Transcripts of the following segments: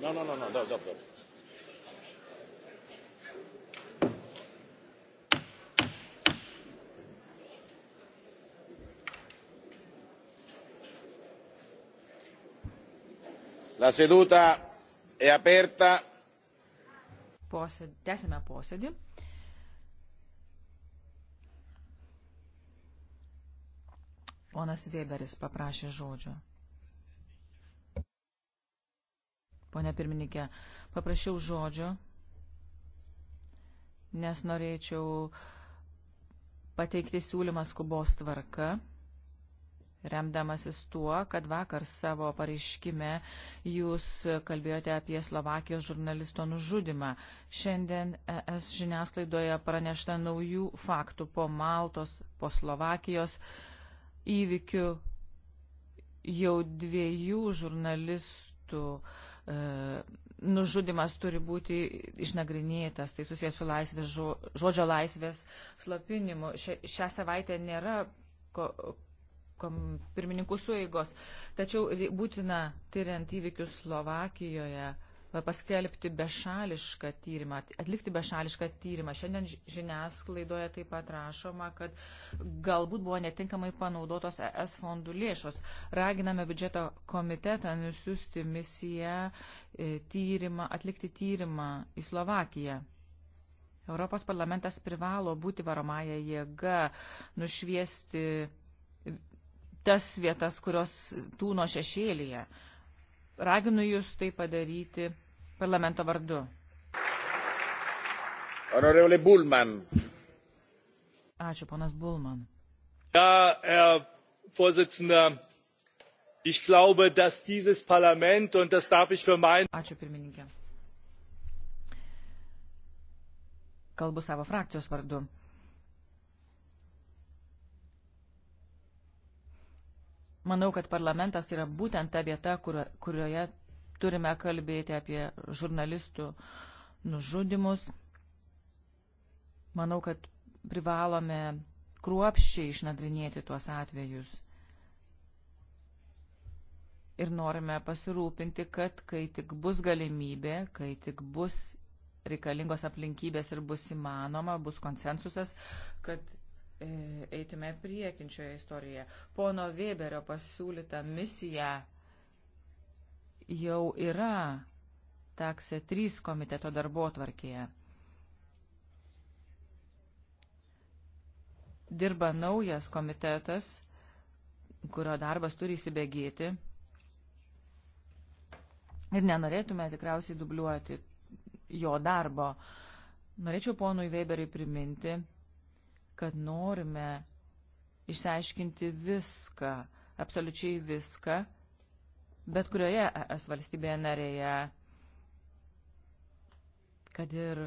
No, no, no, no, dopo, dopo. La seduta è aperta. Posėd, tęsime posėdį. Ponas Weberis paprašė žodžio. ponia pirmininkė. Paprašiau žodžio, nes norėčiau pateikti siūlymą skubos tvarka, remdamasis tuo, kad vakar savo pareiškime jūs kalbėjote apie Slovakijos žurnalisto nužudimą. Šiandien ES žiniasklaidoje pranešta naujų faktų po Maltos, po Slovakijos įvykių jau dviejų žurnalistų uh, E, nužudimas turi būti išnagrinėtas, tai susijęs su laisvės, žodžio laisvės slopinimu. Šią savaitę nėra ko, ko, pirmininkų sueigos, tačiau būtina tyriant įvykius Slovakijoje paskelbti bešališką tyrimą, atlikti bešališką tyrimą. Šiandien žiniasklaidoje taip pat rašoma, kad galbūt buvo netinkamai panaudotos ES fondų lėšos. Raginame biudžeto komitetą nusiųsti misiją e, tyrimą, atlikti tyrimą į Slovakiją. Europos parlamentas privalo būti varomąją jėgą, nušviesti tas vietas, kurios tūno šešėlyje. Raginu Jūs tai padaryti parlamento vardu. Honorevole Bulman. Ačiū, ponas Bulman. Ja, Herr Vorsitzender, ich glaube, dass dieses Parlament, und das darf ich für mein... Ačiū, pirmininkė. Kalbu savo frakcijos vardu. Manau, kad parlamentas yra būtent ta vieta, kurioje turime kalbėti apie žurnalistų nužudimus. Manau, kad privalome kruopščiai išnagrinėti tuos atvejus. Ir norime pasirūpinti, kad kai tik bus galimybė, kai tik bus reikalingos aplinkybės ir bus įmanoma, bus konsensusas, kad E, eitume priekinčioje istorijoje. Pono Weberio pasiūlyta misija jau yra taksė 3 komiteto darbo tvarkėje. Dirba naujas komitetas, kurio darbas turi įsibėgėti. Ir nenorėtume tikriausiai dubliuoti jo darbo. Norėčiau ponui Weberiui priminti, kad norime išsiaiškinti viską, absoliučiai viską, bet kurioje es valstybėje narėje, kad ir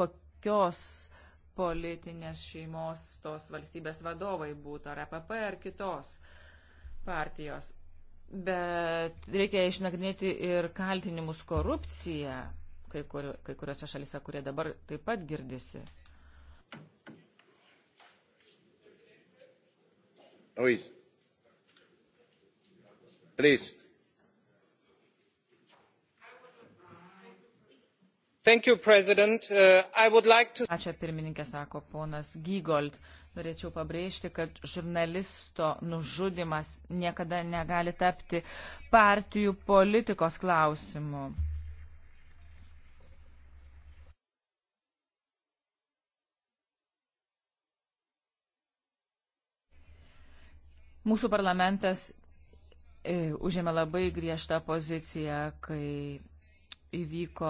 kokios politinės šeimos tos valstybės vadovai būtų, ar EPP, ar kitos partijos. Bet reikia išnagrinėti ir kaltinimus korupciją kai, kur, kai kuriuose šalise, kurie dabar taip pat girdisi. Ruiz. Please. You, uh, like to... Ačiū pirmininkė, sako ponas Gygold. Norėčiau pabrėžti, kad žurnalisto nužudimas niekada negali tapti partijų politikos klausimu. Mūsų parlamentas e, užėmė labai griežtą poziciją, kai įvyko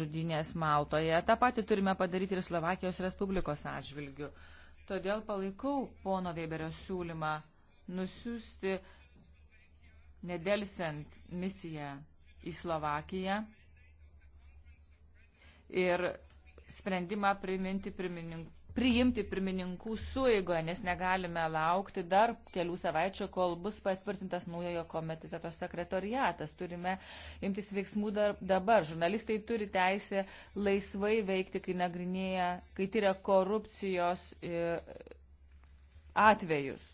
žudinės Maltoje. Ta pati turime padaryti ir Slovakijos Respublikos atžvilgių. Todėl palaikau pono Weberio siūlymą nusiųsti nedelsiant misiją į Slovakiją ir sprendimą priminti pirmininką priimti pirmininkų suigoje, nes negalime laukti dar kelių savaičių, kol bus patvirtintas naujojo komiteto sekretoriatas. Turime imtis veiksmų dar, dabar. Žurnalistai turi teisę laisvai veikti, kai nagrinėja, kai tyria korupcijos e, atvejus.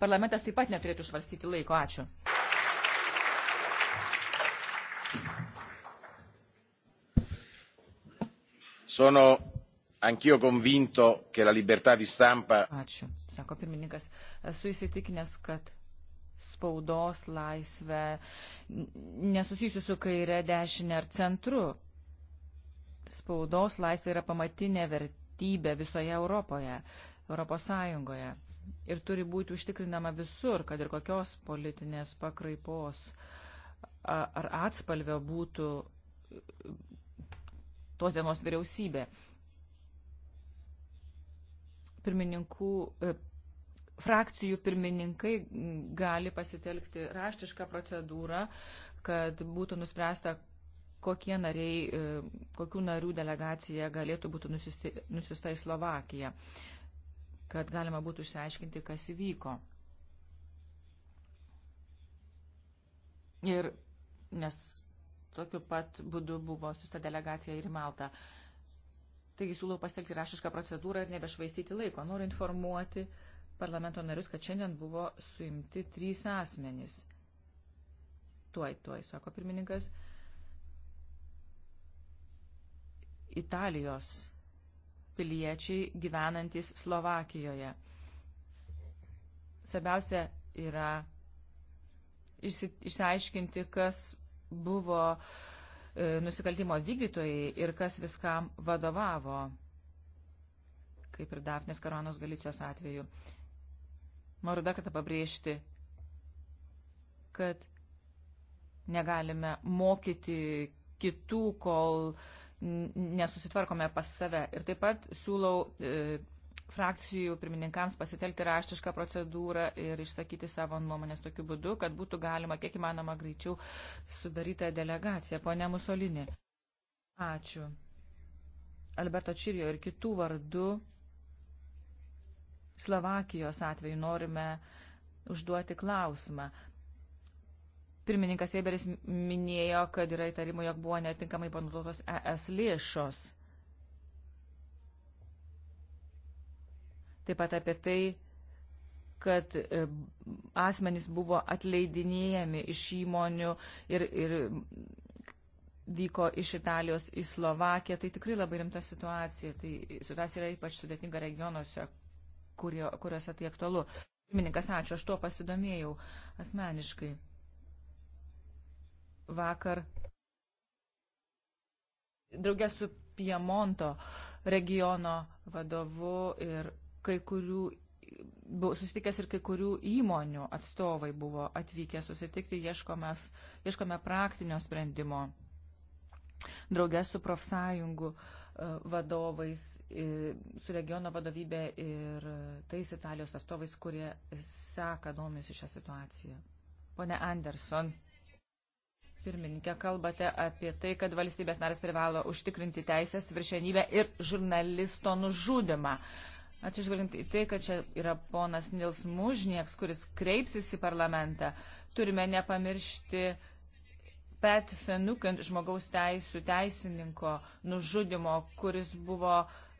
Parlamentas taip pat neturėtų švarstyti laiko. Ačiū. Sono anch'io convinto che la libertà di stampa. Ačiū, sako pirmininkas. Esu įsitikinęs, kad spaudos laisvę nesusijusiu su kaire, dešinė ar centru. Spaudos laisvė yra pamatinė vertybė visoje Europoje, Europos Sąjungoje. Ir turi būti užtikrinama visur, kad ir kokios politinės pakraipos ar atspalvio būtų tos dienos vyriausybė pirmininkų, e, frakcijų pirmininkai gali pasitelkti raštišką procedūrą, kad būtų nuspręsta, kokie nariai, e, kokių narių delegacija galėtų būti nusiusta į Slovakiją, kad galima būtų išsiaiškinti, kas įvyko. Ir nes tokiu pat būdu buvo susta delegacija ir Malta. Uh, Taigi siūlau pasitelkti rašišką procedūrą ir nebešvaistyti laiko. Noriu informuoti parlamento narius, kad šiandien buvo suimti trys asmenys. Tuoj, tuoj, sako pirmininkas. Italijos piliečiai gyvenantis Slovakijoje. Svarbiausia yra išsiaiškinti, kas buvo uh, E, nusikaltimo vykdytojai ir kas viskam vadovavo, kaip ir Dafnės Karonos Galicijos atveju. Noriu dar kartą pabrėžti, kad negalime mokyti kitų, kol nesusitvarkome pas save. Ir taip pat siūlau e, frakcijų pirmininkams pasitelkti raštišką procedūrą ir išsakyti savo nuomonės tokiu būdu, kad būtų galima kiek įmanoma greičiau sudaryta delegacija. Pone Musolinė, ačiū. Alberto Čirio ir kitų vardų Slovakijos atveju norime užduoti klausimą. Pirmininkas Eberis minėjo, kad yra įtarimų, jog buvo netinkamai panaudotos ES lėšos taip pat apie tai, kad e, asmenys buvo atleidinėjami iš įmonių ir, ir vyko iš Italijos į Slovakiją. Tai tikrai labai rimta situacija. Tai situacija yra ypač sudėtinga regionuose, kurio, kuriuose tai aktualu. Pirmininkas, ačiū, aš tuo pasidomėjau asmeniškai. Vakar draugė su Piemonto regiono vadovu ir kai kurių, buvo susitikęs ir kai kurių įmonių atstovai buvo atvykę susitikti, ieškome praktinio sprendimo. Draugės su profsąjungų e, vadovais, e, su regiono vadovybė ir tais Italijos atstovais, kurie seka domisi šią situaciją. Pone Anderson. Pirmininkė, kalbate apie tai, kad valstybės narės privalo užtikrinti teisės viršenybę ir žurnalisto nužudimą. Atsižvelgiant į tai, kad čia yra ponas Nils Mužnieks, kuris kreipsis į parlamentą, turime nepamiršti Pet Fenukant žmogaus teisų teisininko nužudimo, kuris buvo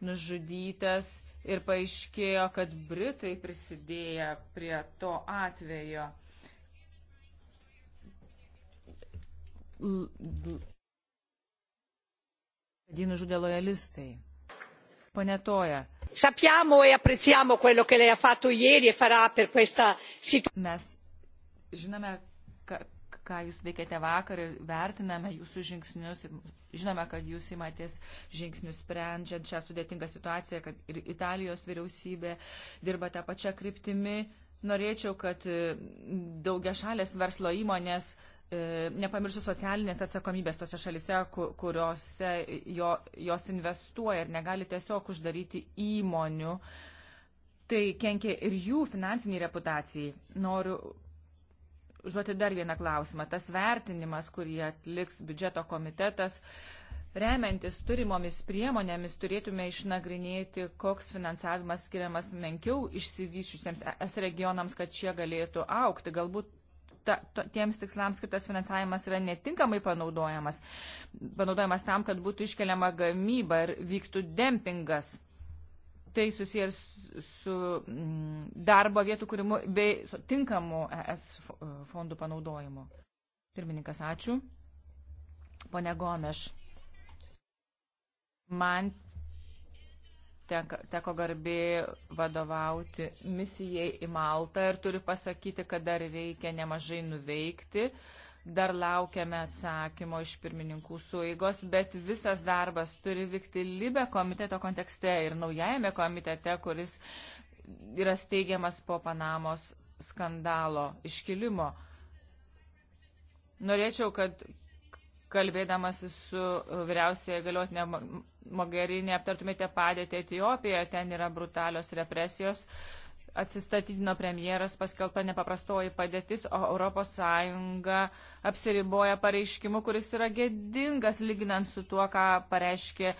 nužudytas ir paaiškėjo, kad Britai prisidėjo prie to atvejo. Jį nužudė lojalistai. Pone Toja. Sappiamo e apprezziamo quello che lei ha fatto ieri e farà per questa situazione. Mes žinome, ką, ką jūs veikėte vakar ir vertiname jūsų žingsnius. Žinome, kad jūs įmatės žingsnius sprendžiant šią sudėtingą situaciją, kad ir Italijos vyriausybė dirba tą pačią kryptimį. Norėčiau, kad daugia šalės verslo įmonės uh, E, nepamiršti socialinės atsakomybės tose šalise, kuriuose jo, jos investuoja ir negali tiesiog uždaryti įmonių. Tai kenkia ir jų finansiniai reputacijai. Noriu užduoti dar vieną klausimą. Tas vertinimas, kurį atliks biudžeto komitetas, remiantis turimomis priemonėmis turėtume išnagrinėti, koks finansavimas skiriamas menkiau išsivyščiusiems es regionams, kad šie galėtų aukti. Galbūt ta, to, tiems tikslams skirtas finansavimas yra netinkamai panaudojamas, panaudojamas tam, kad būtų iškeliama gamyba ir vyktų dempingas. Tai susijęs su mm, darbo vietų kūrimu bei tinkamu ES e, fondų panaudojimu. Pirmininkas, ačiū. Pone Gomeš, man tenka, teko garbė vadovauti misijai į Maltą ir turiu pasakyti, kad dar reikia nemažai nuveikti. Dar laukiame atsakymo iš pirmininkų suigos, bet visas darbas turi vykti Libe komiteto kontekste ir naujajame komitete, kuris yra steigiamas po Panamos skandalo iškilimo. Norėčiau, kad kalbėdamasi su vyriausiai galiotinė Mogerinė, aptartumėte padėtį Etijopijoje, ten yra brutalios represijos. Atsistatydino premjeras, paskelbta nepaprastoji padėtis, o ES apsiriboja pareiškimu, kuris yra gėdingas lyginant su tuo, ką pareiškė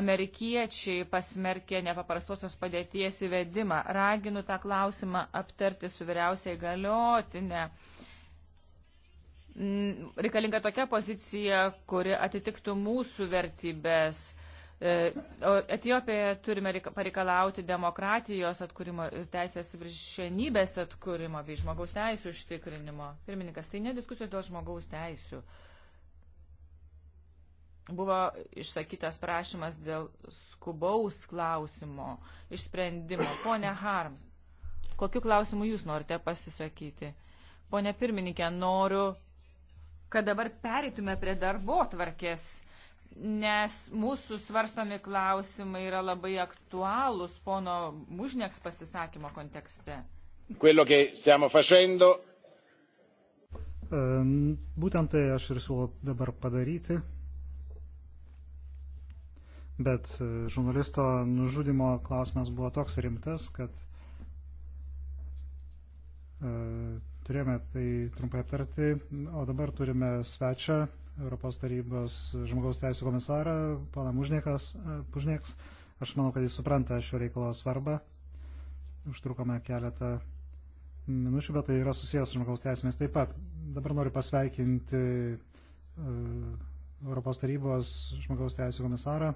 amerikiečiai pasmerkė nepaprastosios padėties įvedimą. Raginu tą klausimą aptarti su vyriausiai galiotinė reikalinga tokia pozicija, kuri atitiktų mūsų vertybės. E, Etijopijoje turime pareikalauti demokratijos atkūrimo ir teisės viršienybės atkūrimo bei žmogaus teisų užtikrinimo. Pirmininkas, tai ne diskusijos dėl žmogaus teisų. Buvo išsakytas prašymas dėl skubaus klausimo išsprendimo. Pone Harms, kokiu klausimu jūs norite pasisakyti? Pone pirmininkė, noriu, kad dabar pereitume prie darbo tvarkės nes mūsų svarstomi klausimai yra labai aktualūs pono Mužnieks pasisakymo kontekste. Quello che stiamo facendo. Ehm, būtent tai aš ir siūlau dabar padaryti. Bet e, žurnalisto nužudimo klausimas buvo toks rimtas, kad e, turėjome tai trumpai aptarti, o dabar turime svečią Europos tarybos žmogaus teisų komisarą, pana Mužnieks. Aš manau, kad jis supranta šio reikalo svarbą. Užtrukome keletą minučių, bet tai yra susijęs su žmogaus teisėmis taip pat. Dabar noriu pasveikinti e, Europos tarybos žmogaus teisų komisarą.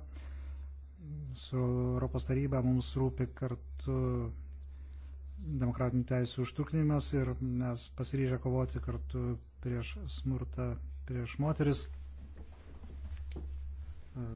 Su Europos taryba mums rūpi kartu demokratinių teisų užtrukinimas ir mes pasiryžę kovoti kartu prieš smurtą prieš moteris.